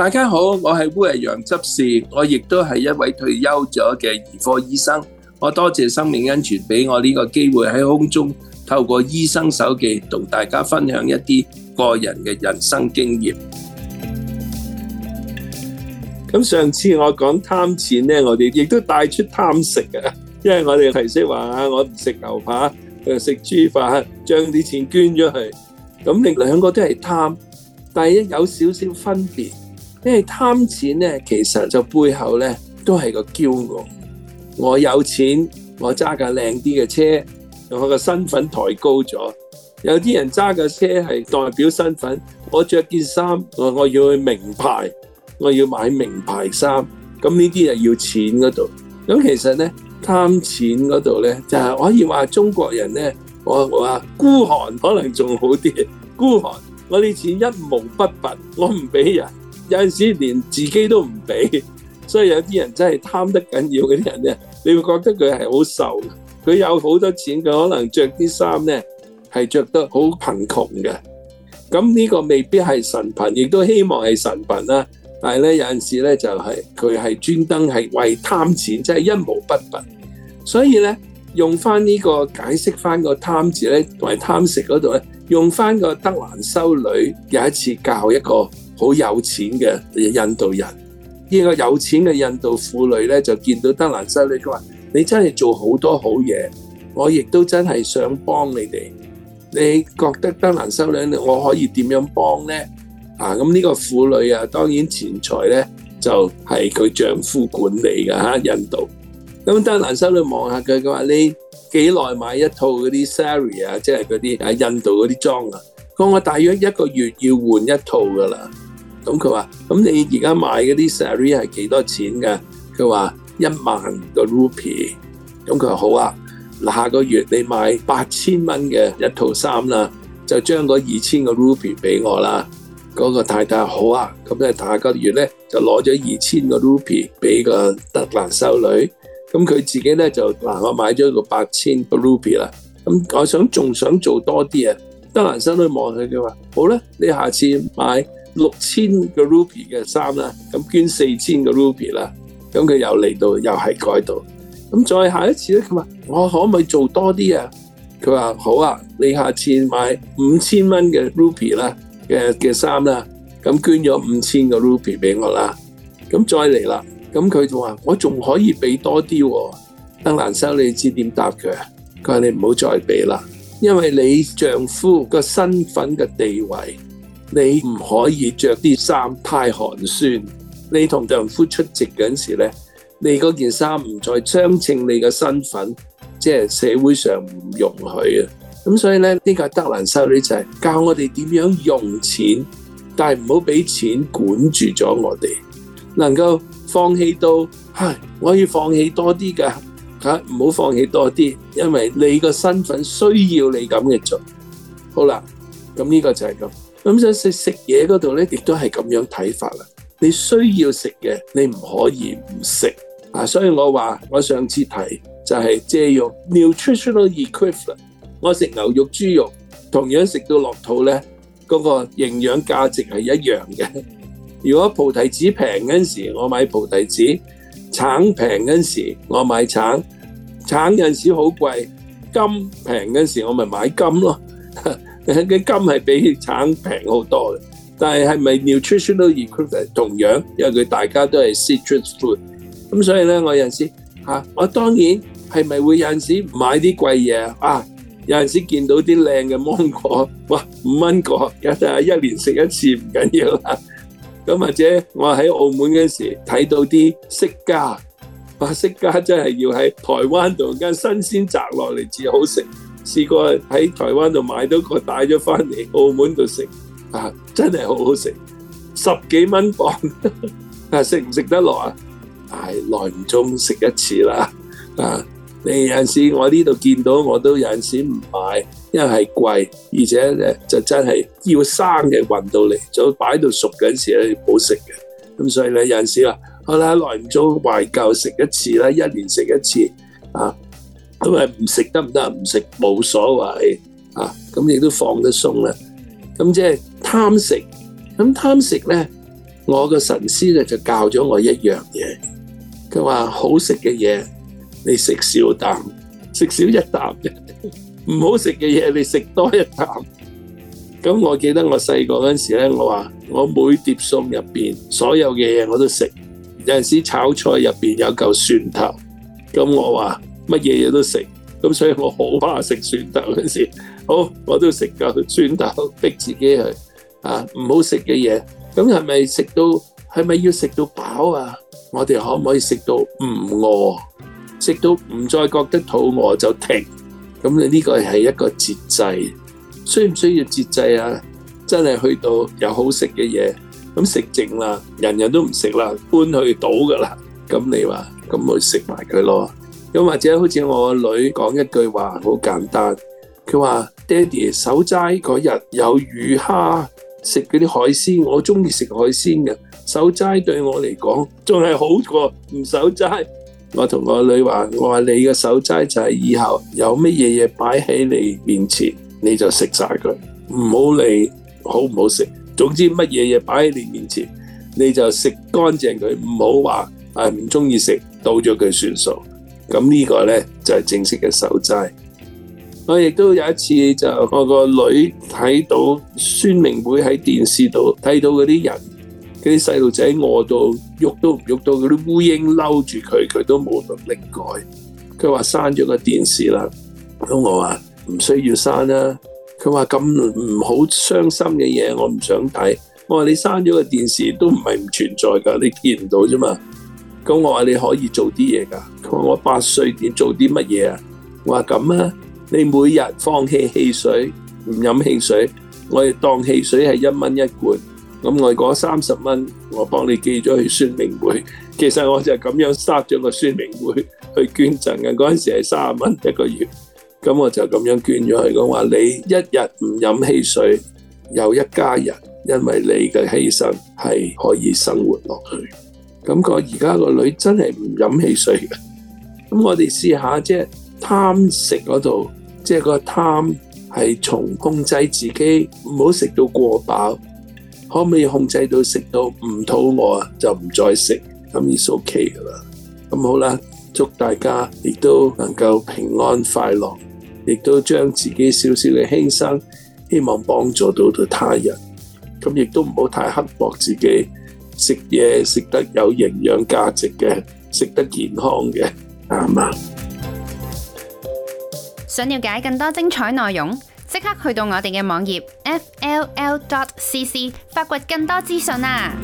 大家好，我係烏羊執事，我亦都係一位退休咗嘅兒科醫生。我多謝生命恩泉俾我呢個機會喺空中透過醫生手記同大家分享一啲個人嘅人生經驗。咁上次我講貪錢呢，我哋亦都帶出貪食啊，因為我哋提示話啊，我唔食牛扒，食豬扒，將啲錢捐咗去。咁另兩個都係貪，但係一有少少分別。因為貪錢咧，其實就背後咧都係個驕傲。我有錢，我揸架靚啲嘅車，用我個身份抬高咗。有啲人揸架車係代表身份，我着件衫，我我要去名牌，我要買名牌衫。咁呢啲就要錢嗰度。咁其實咧貪錢嗰度咧，就係可以話中國人咧，我話孤寒可能仲好啲。孤寒，我啲錢一毛不拔，我唔俾人。有陣時連自己都唔俾，所以有啲人真係貪得緊要嗰啲人咧，你會覺得佢係好瘦。佢有好多錢，佢可能着啲衫咧係着得好貧窮嘅。咁呢個未必係神貧，亦都希望係神貧啦。但係咧有陣時咧就係佢係專登係為貪錢，真係一毛不拔。所以咧用翻呢個解釋翻個貪字咧同埋貪食嗰度咧，用翻個德蘭修女有一次教一個好有錢嘅印度人，呢個有錢嘅印度婦女咧就見到德蘭修女，佢話：你真係做好多好嘢，我亦都真係想幫你哋。你覺得德蘭修女，我可以點樣幫咧？啊，咁呢個婦女啊，當然錢財咧就係、是、佢丈夫管理㗎吓。印度咁德蘭修女望下佢，佢話：你幾耐買一套嗰啲 sari 啊，即係嗰啲喺印度嗰啲裝啊？講我大約一個月要換一套㗎啦。咁佢話：咁你而家買嗰啲 saree 係幾多錢噶？佢話一萬個 rupee。咁佢話好啊，下個月你買八千蚊嘅一套衫啦，就將嗰二千個 rupee 俾我啦。嗰、那個太太話好啊，咁咧下個月咧就攞咗二千個 rupee 俾個德蘭修女。咁佢自己咧就嗱、啊，我買咗個八千個 rupee 啦。咁我想仲想做多啲啊。德蘭修女望佢，佢話好啦、啊，你下次買。六千個盧比嘅衫啦，咁捐四千個盧比啦，咁佢又嚟到，到，又係改度。咁再下一次咧，佢話我可唔可以做多啲啊？佢話好啊，你下次買五千蚊嘅 r 盧比啦嘅嘅衫啦，咁捐咗五千個盧比俾我啦，咁再嚟啦，咁佢就話我仲可以俾多啲喎、啊，德蘭修女，你知點答佢？佢話你唔好再俾啦，因為你丈夫個身份嘅地位。你唔可以着啲衫太寒酸。你同丈夫出席嗰陣時咧，你嗰件衫唔再相稱你嘅身份，即係社會上唔容許啊。咁所以咧，呢個德蘭修女就係教我哋點樣用錢，但係唔好俾錢管住咗我哋，能夠放棄到唉，我要放棄多啲㗎吓，唔好放棄多啲，因為你個身份需要你咁嘅做。好啦，咁呢個就係咁。咁想食食嘢嗰度咧，亦都係咁樣睇法啦。你需要食嘅，你唔可以唔食啊！所以我話，我上次提就係借用 nutritional equivalent。我食牛肉、豬肉，同樣食到落肚咧，嗰、嗰個營養價值係一樣嘅。如果菩提子平嗰時，我買菩提子；橙平嗰時，我買橙；橙嗰時好貴，金平嗰時，我咪買金咯。嘅金係比橙平好多嘅，但係係咪 nutritional equipment 同樣，因為佢大家都係 citrus fruit，咁所以咧我有陣時嚇、啊，我當然係咪會有陣時買啲貴嘢啊？有陣時見到啲靚嘅芒果，哇五蚊個，而家就係一年食一次唔緊要啦。咁或者我喺澳門嗰時睇到啲釋迦，哇釋迦真係要喺台灣度間新鮮摘落嚟至好食。試過喺台灣度買到個帶咗翻嚟澳門度食，啊，真係好好食，十幾蚊磅，食唔食得落啊？係耐唔中食一次啦，啊！你有陣時我呢度見到我都有陣時唔買，因為係貴，而且咧就真係要生嘅運到嚟，就擺到熟嗰陣時咧好食嘅，咁所以咧有陣時話好啦，耐唔中懷舊食一次啦，一年食一次，啊！咁啊唔食得唔得？唔食冇所謂啊！咁亦都放得鬆啦。咁即係貪食，咁貪食咧，我個神師咧就教咗我一樣嘢。佢話：好食嘅嘢，你食少啖；食少一啖啫。唔好食嘅嘢，你食多一啖。咁我記得我細個嗰陣時咧，我話我每碟餸入面所有嘅嘢我都食。有陣時炒菜入面有嚿蒜頭，咁我話。乜嘢嘢都食，咁所以我好怕食蒜頭先。好，我都食過蒜頭，逼自己去啊，唔好食嘅嘢。咁係咪食到？係咪要食到飽啊？我哋可唔可以食到唔餓？食到唔再覺得肚餓就停。咁你呢個係一個節制，需唔需要節制啊？真係去到有好食嘅嘢，咁食淨啦，人人都唔食啦，搬去到噶啦。咁你話，咁咪食埋佢咯。咁或者好似我個女講一句話，好簡單。佢話：爹哋守齋嗰日有魚蝦食，嗰啲海鮮，我中意食海鮮嘅。守齋對我嚟講仲係好過唔守齋。我同我個女話：我話你嘅守齋就係以後有乜嘢嘢擺喺你面前，你就食晒佢，唔好理好唔好食。總之乜嘢嘢擺喺你面前，你就食乾淨佢，唔好話誒，唔中意食，倒咗佢算數。咁呢個呢，就係、是、正式嘅守齋。我亦都有一次就我個女睇到宣明會喺電視度睇到嗰啲人，嗰啲細路仔餓到喐都唔喐到，嗰啲烏蠅嬲住佢，佢都冇能力改。佢話刪咗個電視啦。咁我話唔需要刪啦、啊。佢話咁唔好傷心嘅嘢，我唔想睇。我話你刪咗個電視都唔係唔存在㗎，你見唔到咋嘛。咁我話你可以做啲嘢噶，佢話我八歲點做啲乜嘢啊？我話咁啊，你每日放棄汽水，唔飲汽水，我哋當汽水係一蚊一罐，咁我三十蚊，我幫你寄咗去宣明會。其實我就咁樣殺咗個宣明會去捐贈嘅，嗰陣時係三十蚊一個月，咁我就咁樣捐咗佢，講話你一日唔飲汽水，有一家人因為你嘅犧牲係可以生活落去。感覺而家個女真係唔飲汽水㗎，咁我哋試下即係貪食嗰度，即係個貪係從控制自己唔好食到過飽，可唔可以控制到食到唔肚餓就唔再食，咁亦都 OK 㗎啦。咁好啦，祝大家亦都能夠平安快樂，亦都將自己少少嘅犧牲，希望幫助到到他人，咁亦都唔好太刻薄自己。食嘢食得有營養價值嘅，食得健康嘅，啱呀！想了解更多精彩內容，即刻去到我哋嘅網頁 fll.cc，發掘更多資訊啊！